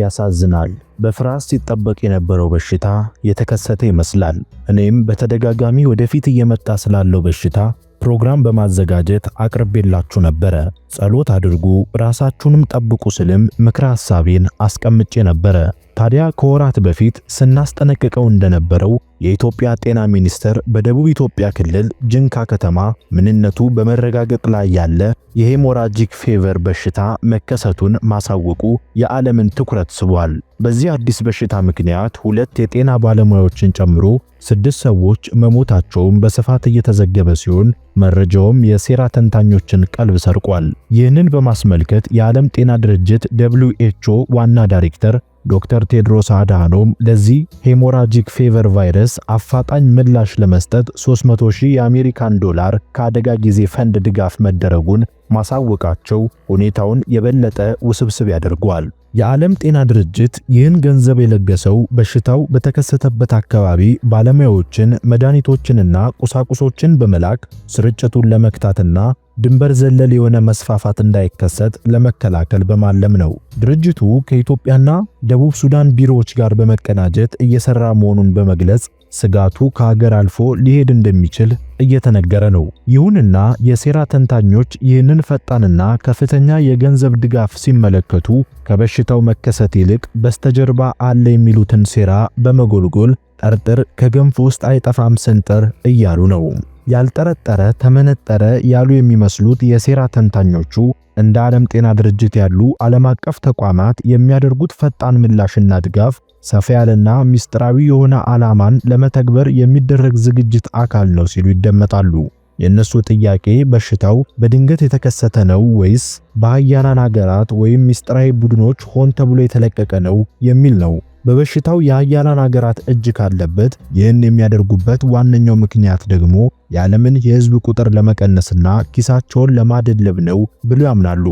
ያሳዝናል። በፍርሃት ሲጠበቅ የነበረው በሽታ የተከሰተ ይመስላል። እኔም በተደጋጋሚ ወደፊት እየመጣ ስላለው በሽታ ፕሮግራም በማዘጋጀት አቅርቤላችሁ ነበረ። ጸሎት አድርጉ ራሳችሁንም ጠብቁ ስልም ምክረ ሐሳቤን አስቀምጬ ነበረ። ታዲያ ከወራት በፊት ስናስጠነቅቀው እንደነበረው የኢትዮጵያ ጤና ሚኒስቴር በደቡብ ኢትዮጵያ ክልል ጅንካ ከተማ ምንነቱ በመረጋገጥ ላይ ያለ የሄሞራጂክ ፌቨር በሽታ መከሰቱን ማሳወቁ የዓለምን ትኩረት ስቧል። በዚህ አዲስ በሽታ ምክንያት ሁለት የጤና ባለሙያዎችን ጨምሮ ስድስት ሰዎች መሞታቸውን በስፋት እየተዘገበ ሲሆን መረጃውም የሴራ ተንታኞችን ቀልብ ሰርቋል። ይህንን በማስመልከት የዓለም ጤና ድርጅት ደብሊው ዋና ዳይሬክተር ዶክተር ቴድሮስ አድሃኖም ለዚህ ሄሞራጂክ ፌቨር ቫይረስ አፋጣኝ ምላሽ ለመስጠት 300 ሺህ የአሜሪካን ዶላር ከአደጋ ጊዜ ፈንድ ድጋፍ መደረጉን ማሳወቃቸው ሁኔታውን የበለጠ ውስብስብ ያደርገዋል። የዓለም ጤና ድርጅት ይህን ገንዘብ የለገሰው በሽታው በተከሰተበት አካባቢ ባለሙያዎችን መድኃኒቶችንና ቁሳቁሶችን በመላክ ስርጭቱን ለመክታትና ድንበር ዘለል የሆነ መስፋፋት እንዳይከሰት ለመከላከል በማለም ነው። ድርጅቱ ከኢትዮጵያና ደቡብ ሱዳን ቢሮዎች ጋር በመቀናጀት እየሰራ መሆኑን በመግለጽ ስጋቱ ከሀገር አልፎ ሊሄድ እንደሚችል እየተነገረ ነው። ይሁንና የሴራ ተንታኞች ይህንን ፈጣንና ከፍተኛ የገንዘብ ድጋፍ ሲመለከቱ ከበሽታው መከሰት ይልቅ በስተጀርባ አለ የሚሉትን ሴራ በመጎልጎል ጠርጥር ከገንፍ ውስጥ አይጠፋም ስንጥር እያሉ ነው። ያልጠረጠረ ተመነጠረ ያሉ የሚመስሉት የሴራ ተንታኞቹ እንደ ዓለም ጤና ድርጅት ያሉ ዓለም አቀፍ ተቋማት የሚያደርጉት ፈጣን ምላሽና ድጋፍ ሰፋ ያለና ምስጢራዊ የሆነ ዓላማን ለመተግበር የሚደረግ ዝግጅት አካል ነው ሲሉ ይደመጣሉ። የእነሱ ጥያቄ በሽታው በድንገት የተከሰተ ነው ወይስ በሀያላን አገራት ወይም ምስጢራዊ ቡድኖች ሆን ተብሎ የተለቀቀ ነው የሚል ነው። በበሽታው የአያላን ሀገራት እጅ ካለበት ይህን የሚያደርጉበት ዋነኛው ምክንያት ደግሞ የዓለምን የህዝብ ቁጥር ለመቀነስና ኪሳቸውን ለማደለብ ነው ብሎ ያምናሉ።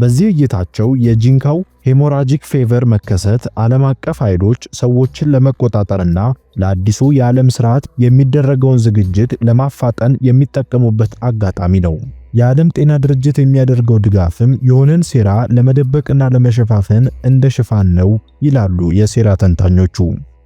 በዚህ እይታቸው የጂንካው ሄሞራጂክ ፌቨር መከሰት ዓለም አቀፍ ኃይሎች ሰዎችን ለመቆጣጠርና ለአዲሱ የዓለም ስርዓት የሚደረገውን ዝግጅት ለማፋጠን የሚጠቀሙበት አጋጣሚ ነው። የዓለም ጤና ድርጅት የሚያደርገው ድጋፍም የሆነን ሴራ ለመደበቅና ለመሸፋፈን እንደ ሽፋን ነው ይላሉ የሴራ ተንታኞቹ።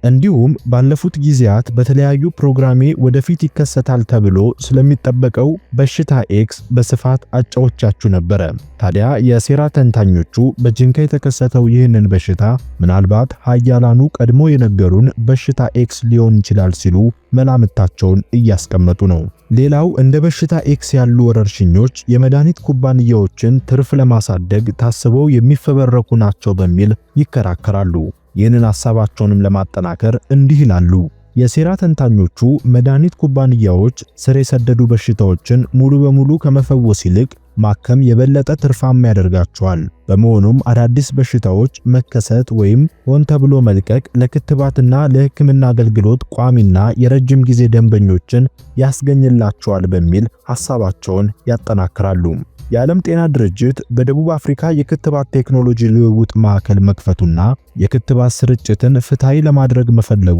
እንዲሁም ባለፉት ጊዜያት በተለያዩ ፕሮግራሜ ወደፊት ይከሰታል ተብሎ ስለሚጠበቀው በሽታ ኤክስ በስፋት አጫዎቻችሁ ነበረ። ታዲያ የሴራ ተንታኞቹ በጅንካ የተከሰተው ይህንን በሽታ ምናልባት ሀያላኑ ቀድሞ የነገሩን በሽታ ኤክስ ሊሆን ይችላል ሲሉ መላምታቸውን እያስቀመጡ ነው። ሌላው እንደ በሽታ ኤክስ ያሉ ወረርሽኞች የመድኃኒት ኩባንያዎችን ትርፍ ለማሳደግ ታስበው የሚፈበረኩ ናቸው በሚል ይከራከራሉ። ይህንን ሐሳባቸውንም ለማጠናከር እንዲህ ይላሉ። የሴራ ተንታኞቹ መድኃኒት ኩባንያዎች ስር የሰደዱ በሽታዎችን ሙሉ በሙሉ ከመፈወስ ይልቅ ማከም የበለጠ ትርፋማ ያደርጋቸዋል። በመሆኑም አዳዲስ በሽታዎች መከሰት ወይም ሆን ተብሎ መልቀቅ ለክትባትና ለሕክምና አገልግሎት ቋሚና የረጅም ጊዜ ደንበኞችን ያስገኝላቸዋል በሚል ሐሳባቸውን ያጠናክራሉ። የዓለም ጤና ድርጅት በደቡብ አፍሪካ የክትባት ቴክኖሎጂ ልውውጥ ማዕከል መክፈቱና የክትባት ስርጭትን ፍትሐዊ ለማድረግ መፈለጉ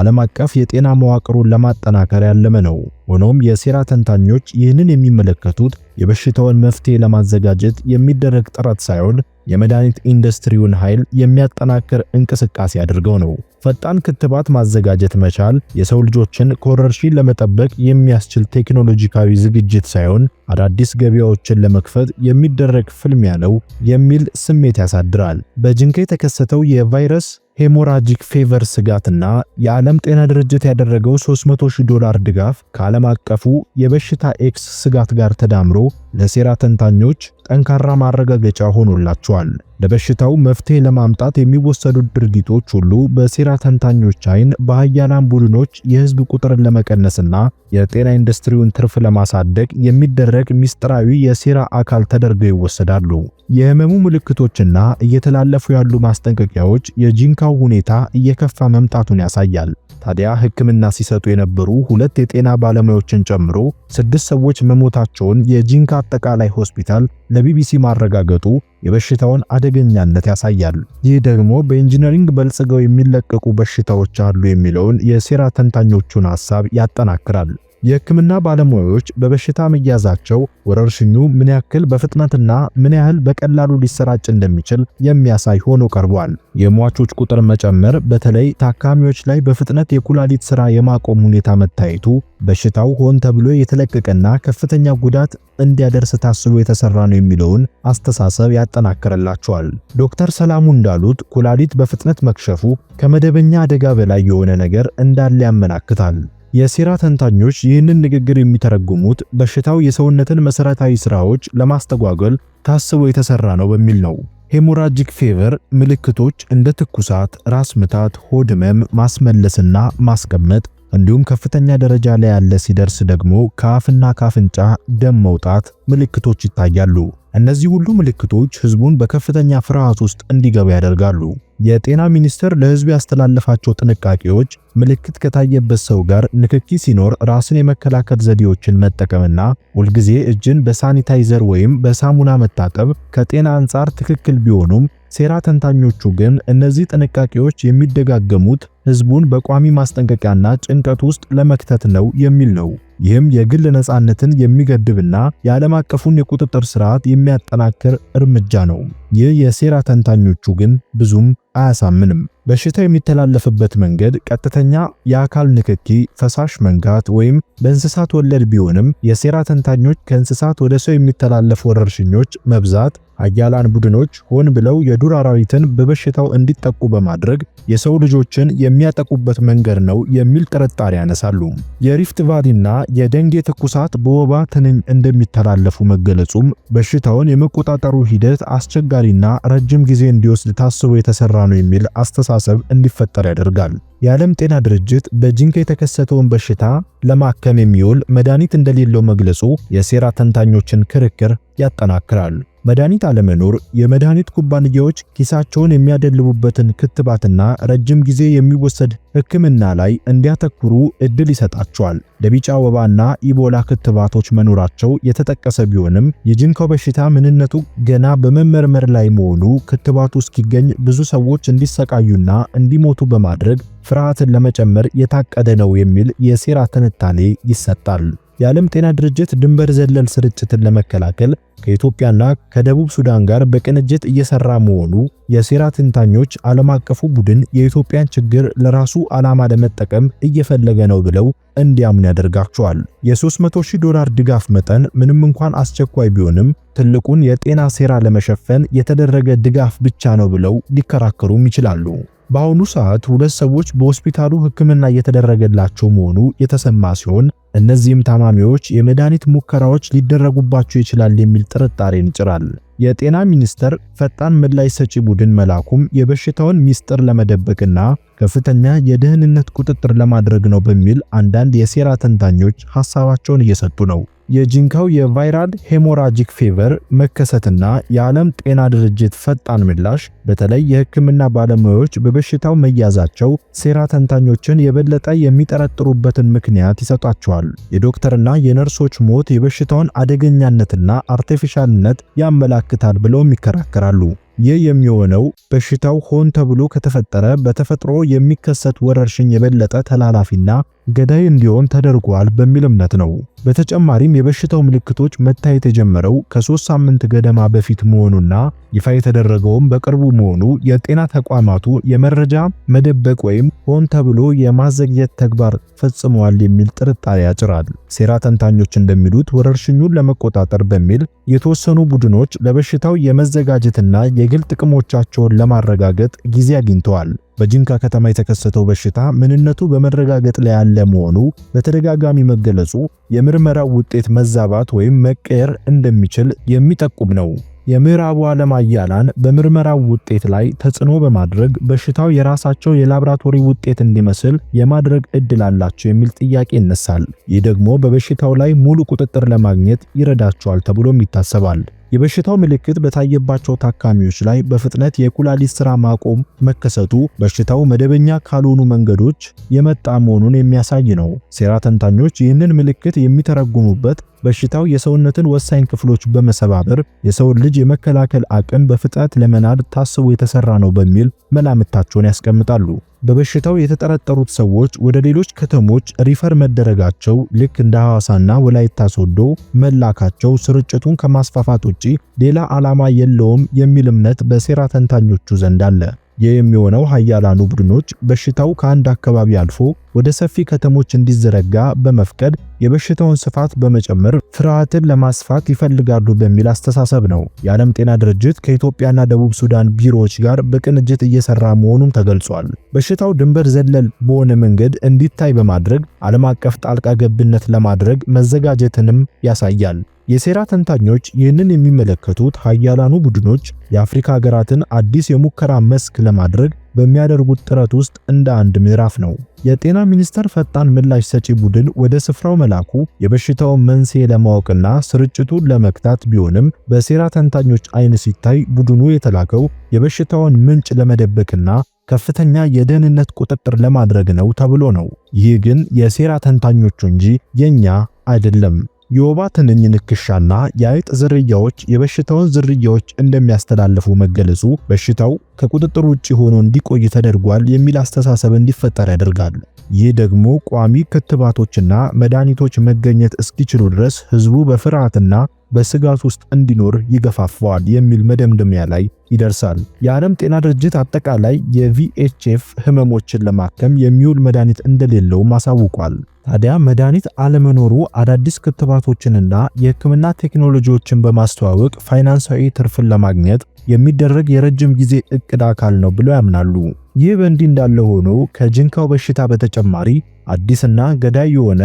ዓለም አቀፍ የጤና መዋቅሩን ለማጠናከር ያለመ ነው። ሆኖም የሴራ ተንታኞች ይህንን የሚመለከቱት የበሽታውን መፍትሄ ለማዘጋጀት የሚደረግ ጥረት ሳይሆን የመድኃኒት ኢንዱስትሪውን ኃይል የሚያጠናክር እንቅስቃሴ አድርገው ነው። ፈጣን ክትባት ማዘጋጀት መቻል የሰው ልጆችን ከወረርሽኝ ለመጠበቅ የሚያስችል ቴክኖሎጂካዊ ዝግጅት ሳይሆን አዳዲስ ገበያዎችን ለመክፈት የሚደረግ ፍልሚያ ነው የሚል ስሜት ያሳድራል። በጅንካ የተከሰተው የቫይረስ ሄሞራጂክ ፌቨር ስጋትና የዓለም ጤና ድርጅት ያደረገው 300 ሺህ ዶላር ድጋፍ ከዓለም አቀፉ የበሽታ ኤክስ ስጋት ጋር ተዳምሮ ለሴራ ተንታኞች ጠንካራ ማረጋገጫ ሆኖላቸዋል። ለበሽታው መፍትሄ ለማምጣት የሚወሰዱት ድርጊቶች ሁሉ በሴራ ተንታኞች አይን በሀያላን ቡድኖች የህዝብ ቁጥርን ለመቀነስና የጤና ኢንዱስትሪውን ትርፍ ለማሳደግ የሚደረግ ሚስጥራዊ የሴራ አካል ተደርገው ይወሰዳሉ። የህመሙ ምልክቶችና እየተላለፉ ያሉ ማስጠንቀቂያዎች የጂንካው ሁኔታ እየከፋ መምጣቱን ያሳያል። ታዲያ ሕክምና ሲሰጡ የነበሩ ሁለት የጤና ባለሙያዎችን ጨምሮ ስድስት ሰዎች መሞታቸውን የጂንካ አጠቃላይ ሆስፒታል ለቢቢሲ ማረጋገጡ የበሽታውን አደገኛነት ያሳያል። ይህ ደግሞ በኢንጂነሪንግ በልጽገው የሚለቀቁ በሽታዎች አሉ የሚለውን የሴራ ተንታኞቹን ሐሳብ ያጠናክራል። የህክምና ባለሙያዎች በበሽታ መያዛቸው ወረርሽኙ ምን ያክል በፍጥነትና ምን ያህል በቀላሉ ሊሰራጭ እንደሚችል የሚያሳይ ሆኖ ቀርቧል። የሟቾች ቁጥር መጨመር በተለይ ታካሚዎች ላይ በፍጥነት የኩላሊት ስራ የማቆም ሁኔታ መታየቱ በሽታው ሆን ተብሎ የተለቀቀና ከፍተኛ ጉዳት እንዲያደርስ ታስቦ የተሰራ ነው የሚለውን አስተሳሰብ ያጠናክርላቸዋል። ዶክተር ሰላሙ እንዳሉት ኩላሊት በፍጥነት መክሸፉ ከመደበኛ አደጋ በላይ የሆነ ነገር እንዳለ ያመላክታል። የሴራ ተንታኞች ይህንን ንግግር የሚተረጉሙት በሽታው የሰውነትን መሰረታዊ ስራዎች ለማስተጓጎል ታስቦ የተሰራ ነው በሚል ነው። ሄሞራጂክ ፌቨር ምልክቶች እንደ ትኩሳት፣ ራስ ምታት፣ ሆድ ህመም፣ ማስመለስና ማስቀመጥ እንዲሁም ከፍተኛ ደረጃ ላይ ያለ ሲደርስ ደግሞ ከአፍና ከአፍንጫ ደም መውጣት ምልክቶች ይታያሉ። እነዚህ ሁሉ ምልክቶች ህዝቡን በከፍተኛ ፍርሃት ውስጥ እንዲገባ ያደርጋሉ። የጤና ሚኒስቴር ለህዝብ ያስተላለፋቸው ጥንቃቄዎች ምልክት ከታየበት ሰው ጋር ንክኪ ሲኖር ራስን የመከላከል ዘዴዎችን መጠቀምና ሁልጊዜ እጅን በሳኒታይዘር ወይም በሳሙና መታጠብ ከጤና አንጻር ትክክል ቢሆኑም ሴራ ተንታኞቹ ግን እነዚህ ጥንቃቄዎች የሚደጋገሙት ህዝቡን በቋሚ ማስጠንቀቂያና ጭንቀት ውስጥ ለመክተት ነው የሚል ነው። ይህም የግል ነፃነትን የሚገድብና የዓለም አቀፉን የቁጥጥር ስርዓት የሚያጠናክር እርምጃ ነው። ይህ የሴራ ተንታኞቹ ግን ብዙም አያሳምንም። በሽታ የሚተላለፍበት መንገድ ቀጥተኛ የአካል ንክኪ፣ ፈሳሽ መንጋት ወይም በእንስሳት ወለድ ቢሆንም የሴራ ተንታኞች ከእንስሳት ወደ ሰው የሚተላለፉ ወረርሽኞች መብዛት አያላን ቡድኖች ሆን ብለው የዱር አራዊትን በበሽታው እንዲጠቁ በማድረግ የሰው ልጆችን የሚያጠቁበት መንገድ ነው የሚል ጥርጣሬ ያነሳሉ። የሪፍት ቫሊና የደንጌ ትኩሳት በወባ ትንኝ እንደሚተላለፉ መገለጹም በሽታውን የመቆጣጠሩ ሂደት አስቸጋሪና ረጅም ጊዜ እንዲወስድ ታስቦ የተሰራ ነው የሚል አስተሳሰብ እንዲፈጠር ያደርጋል። የዓለም ጤና ድርጅት በጂንካ የተከሰተውን በሽታ ለማከም የሚውል መድኃኒት እንደሌለው መግለጹ የሴራ ተንታኞችን ክርክር ያጠናክራል። መድኃኒት አለመኖር የመድኃኒት ኩባንያዎች ኪሳቸውን የሚያደልቡበትን ክትባትና ረጅም ጊዜ የሚወሰድ ሕክምና ላይ እንዲያተኩሩ እድል ይሰጣቸዋል። ለቢጫ ወባና ኢቦላ ክትባቶች መኖራቸው የተጠቀሰ ቢሆንም የጅንካው በሽታ ምንነቱ ገና በመመርመር ላይ መሆኑ ክትባቱ እስኪገኝ ብዙ ሰዎች እንዲሰቃዩና እንዲሞቱ በማድረግ ፍርሃትን ለመጨመር የታቀደ ነው የሚል የሴራ ትንታኔ ይሰጣል። የዓለም ጤና ድርጅት ድንበር ዘለል ስርጭትን ለመከላከል ከኢትዮጵያና ከደቡብ ሱዳን ጋር በቅንጅት እየሰራ መሆኑ የሴራ ትንታኞች ዓለም አቀፉ ቡድን የኢትዮጵያን ችግር ለራሱ ዓላማ ለመጠቀም እየፈለገ ነው ብለው እንዲያምን ያደርጋቸዋል። የ300 ሺህ ዶላር ድጋፍ መጠን ምንም እንኳን አስቸኳይ ቢሆንም ትልቁን የጤና ሴራ ለመሸፈን የተደረገ ድጋፍ ብቻ ነው ብለው ሊከራከሩም ይችላሉ። በአሁኑ ሰዓት ሁለት ሰዎች በሆስፒታሉ ሕክምና እየተደረገላቸው መሆኑ የተሰማ ሲሆን እነዚህም ታማሚዎች የመድኃኒት ሙከራዎች ሊደረጉባቸው ይችላል የሚል ጥርጣሬ እንጭራል። የጤና ሚኒስቴር ፈጣን ምላሽ ሰጪ ቡድን መላኩም የበሽታውን ሚስጥር ለመደበቅና ከፍተኛ የደህንነት ቁጥጥር ለማድረግ ነው በሚል አንዳንድ የሴራ ተንታኞች ሐሳባቸውን እየሰጡ ነው። የጂንካው የቫይራል ሄሞራጂክ ፌቨር መከሰትና የዓለም ጤና ድርጅት ፈጣን ምላሽ በተለይ የሕክምና ባለሙያዎች በበሽታው መያዛቸው ሴራ ተንታኞችን የበለጠ የሚጠረጥሩበትን ምክንያት ይሰጧቸዋል። የዶክተርና የነርሶች ሞት የበሽታውን አደገኛነትና አርቴፊሻልነት ያመላክታል ብለውም ይከራከራሉ። ይህ የሚሆነው በሽታው ሆን ተብሎ ከተፈጠረ በተፈጥሮ የሚከሰት ወረርሽኝ የበለጠ ተላላፊና ገዳይ እንዲሆን ተደርጓል በሚል እምነት ነው። በተጨማሪም የበሽታው ምልክቶች መታየት የጀመረው ከሶስት ሳምንት ገደማ በፊት መሆኑና ይፋ የተደረገውም በቅርቡ መሆኑ የጤና ተቋማቱ የመረጃ መደበቅ ወይም ሆን ተብሎ የማዘግየት ተግባር ፈጽመዋል የሚል ጥርጣሬ ያጭራል። ሴራ ተንታኞች እንደሚሉት ወረርሽኙን ለመቆጣጠር በሚል የተወሰኑ ቡድኖች ለበሽታው የመዘጋጀትና የግል ጥቅሞቻቸውን ለማረጋገጥ ጊዜ አግኝተዋል። በጂንካ ከተማ የተከሰተው በሽታ ምንነቱ በመረጋገጥ ላይ ያለ መሆኑ በተደጋጋሚ መገለጹ የምርመራው ውጤት መዛባት ወይም መቀየር እንደሚችል የሚጠቁም ነው። የምዕራቡ ዓለም አያላን በምርመራው ውጤት ላይ ተጽዕኖ በማድረግ በሽታው የራሳቸው የላብራቶሪ ውጤት እንዲመስል የማድረግ እድል አላቸው የሚል ጥያቄ ይነሳል። ይህ ደግሞ በበሽታው ላይ ሙሉ ቁጥጥር ለማግኘት ይረዳቸዋል ተብሎም ይታሰባል። የበሽታው ምልክት በታየባቸው ታካሚዎች ላይ በፍጥነት የኩላሊት ስራ ማቆም መከሰቱ በሽታው መደበኛ ካልሆኑ መንገዶች የመጣ መሆኑን የሚያሳይ ነው። ሴራ ተንታኞች ይህንን ምልክት የሚተረጉሙበት በሽታው የሰውነትን ወሳኝ ክፍሎች በመሰባበር የሰውን ልጅ የመከላከል አቅም በፍጥነት ለመናድ ታስቦ የተሰራ ነው በሚል መላምታቸውን ያስቀምጣሉ። በበሽታው የተጠረጠሩት ሰዎች ወደ ሌሎች ከተሞች ሪፈር መደረጋቸው ልክ እንደ ሐዋሳና ወላይታ ሶዶ መላካቸው ስርጭቱን ከማስፋፋት ውጪ ሌላ ዓላማ የለውም የሚል እምነት በሴራ ተንታኞቹ ዘንድ አለ። ይህ የሚሆነው ሀያላኑ ቡድኖች በሽታው ከአንድ አካባቢ አልፎ ወደ ሰፊ ከተሞች እንዲዘረጋ በመፍቀድ የበሽታውን ስፋት በመጨመር ፍርሃትን ለማስፋት ይፈልጋሉ በሚል አስተሳሰብ ነው። የዓለም ጤና ድርጅት ከኢትዮጵያና ደቡብ ሱዳን ቢሮዎች ጋር በቅንጅት እየሰራ መሆኑም ተገልጿል። በሽታው ድንበር ዘለል በሆነ መንገድ እንዲታይ በማድረግ ዓለም አቀፍ ጣልቃ ገብነት ለማድረግ መዘጋጀትንም ያሳያል። የሴራ ተንታኞች ይህንን የሚመለከቱት ሀያላኑ ቡድኖች የአፍሪካ ሀገራትን አዲስ የሙከራ መስክ ለማድረግ በሚያደርጉት ጥረት ውስጥ እንደ አንድ ምዕራፍ ነው። የጤና ሚኒስቴር ፈጣን ምላሽ ሰጪ ቡድን ወደ ስፍራው መላኩ የበሽታውን መንስኤ ለማወቅና ስርጭቱን ለመግታት ቢሆንም በሴራ ተንታኞች አይን ሲታይ ቡድኑ የተላከው የበሽታውን ምንጭ ለመደበቅና ከፍተኛ የደህንነት ቁጥጥር ለማድረግ ነው ተብሎ ነው። ይህ ግን የሴራ ተንታኞቹ እንጂ የኛ አይደለም። የወባ ትንኝ ንክሻና የአይጥ ዝርያዎች የበሽታውን ዝርያዎች እንደሚያስተላልፉ መገለጹ በሽታው ከቁጥጥር ውጭ ሆኖ እንዲቆይ ተደርጓል የሚል አስተሳሰብ እንዲፈጠር ያደርጋል። ይህ ደግሞ ቋሚ ክትባቶችና መድኃኒቶች መገኘት እስኪችሉ ድረስ ህዝቡ በፍርሃትና በስጋት ውስጥ እንዲኖር ይገፋፋዋል የሚል መደምደሚያ ላይ ይደርሳል። የዓለም ጤና ድርጅት አጠቃላይ የቪኤችኤፍ ህመሞችን ለማከም የሚውል መድኃኒት እንደሌለው አሳውቋል። ታዲያ መድኃኒት አለመኖሩ አዳዲስ ክትባቶችንና የህክምና ቴክኖሎጂዎችን በማስተዋወቅ ፋይናንሳዊ ትርፍን ለማግኘት የሚደረግ የረጅም ጊዜ እቅድ አካል ነው ብለው ያምናሉ። ይህ በእንዲህ እንዳለ ሆኖ ከጅንካው በሽታ በተጨማሪ አዲስና ገዳይ የሆነ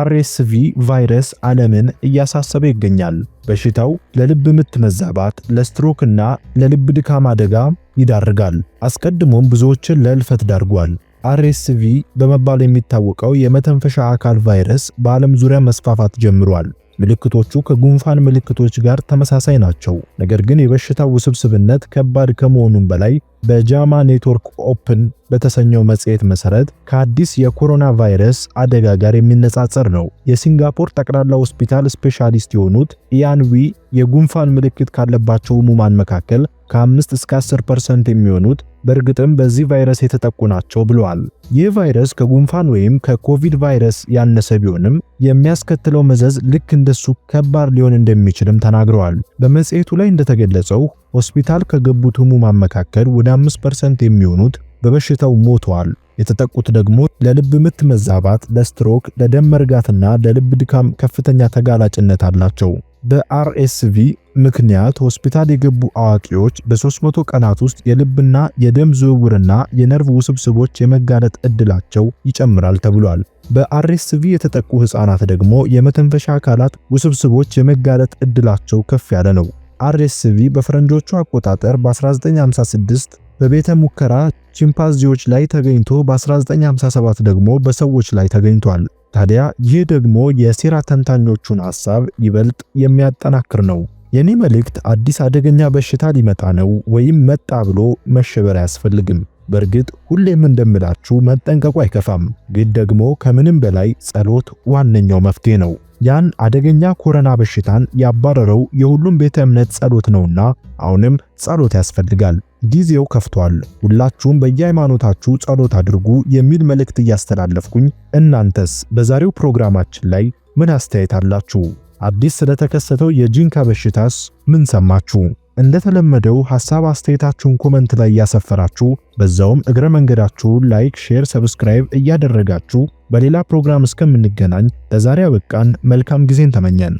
አርኤስቪ ቫይረስ ዓለምን እያሳሰበ ይገኛል። በሽታው ለልብ ምት መዛባት፣ ለስትሮክ እና ለልብ ድካም አደጋ ይዳርጋል። አስቀድሞም ብዙዎችን ለእልፈት ዳርጓል። አርኤስቪ በመባል የሚታወቀው የመተንፈሻ አካል ቫይረስ በዓለም ዙሪያ መስፋፋት ጀምሯል። ምልክቶቹ ከጉንፋን ምልክቶች ጋር ተመሳሳይ ናቸው። ነገር ግን የበሽታው ውስብስብነት ከባድ ከመሆኑም በላይ በጃማ ኔትወርክ ኦፕን በተሰኘው መጽሔት መሰረት ከአዲስ የኮሮና ቫይረስ አደጋ ጋር የሚነጻጸር ነው። የሲንጋፖር ጠቅላላ ሆስፒታል ስፔሻሊስት የሆኑት ኢያንዊ የጉንፋን ምልክት ካለባቸው ህሙማን መካከል ከ5 እስከ 10% የሚሆኑት በእርግጥም በዚህ ቫይረስ የተጠቁ ናቸው ብለዋል። ይህ ቫይረስ ከጉንፋን ወይም ከኮቪድ ቫይረስ ያነሰ ቢሆንም የሚያስከትለው መዘዝ ልክ እንደሱ ከባድ ሊሆን እንደሚችልም ተናግረዋል። በመጽሔቱ ላይ እንደተገለጸው ሆስፒታል ከገቡት ህሙማን መካከል ወደ 5% የሚሆኑት በበሽታው ሞተዋል። የተጠቁት ደግሞ ለልብ ምት መዛባት፣ ለስትሮክ፣ ለደም መርጋትና ለልብ ድካም ከፍተኛ ተጋላጭነት አላቸው። በአርኤስቪ ምክንያት ሆስፒታል የገቡ አዋቂዎች በ300 ቀናት ውስጥ የልብና የደም ዝውውርና የነርቭ ውስብስቦች የመጋለጥ ዕድላቸው ይጨምራል ተብሏል። በአርኤስቪ የተጠቁ ሕፃናት ደግሞ የመተንፈሻ አካላት ውስብስቦች የመጋለጥ ዕድላቸው ከፍ ያለ ነው። አርኤስቪ በፈረንጆቹ አቆጣጠር በ1956 በቤተ ሙከራ ቺምፓንዚዎች ላይ ተገኝቶ በ1957 ደግሞ በሰዎች ላይ ተገኝቷል። ታዲያ ይህ ደግሞ የሴራ ተንታኞቹን ሐሳብ ይበልጥ የሚያጠናክር ነው። የኔ መልእክት አዲስ አደገኛ በሽታ ሊመጣ ነው ወይም መጣ ብሎ መሸበር አያስፈልግም። በእርግጥ ሁሌም እንደምላችሁ መጠንቀቁ አይከፋም፣ ግን ደግሞ ከምንም በላይ ጸሎት ዋነኛው መፍትሄ ነው። ያን አደገኛ ኮረና በሽታን ያባረረው የሁሉም ቤተ እምነት ጸሎት ነውና አሁንም ጸሎት ያስፈልጋል። ጊዜው ከፍቷል። ሁላችሁም በየሃይማኖታችሁ ጸሎት አድርጉ የሚል መልእክት እያስተላለፍኩኝ፣ እናንተስ በዛሬው ፕሮግራማችን ላይ ምን አስተያየት አላችሁ? አዲስ ስለተከሰተው የጂንካ በሽታስ ምን ሰማችሁ? እንደተለመደው ሐሳብ አስተያየታችሁን ኮመንት ላይ እያሰፈራችሁ በዛውም እግረ መንገዳችሁን ላይክ፣ ሼር፣ ሰብስክራይብ እያደረጋችሁ በሌላ ፕሮግራም እስከምንገናኝ ለዛሬ አበቃን። መልካም ጊዜን ተመኘን።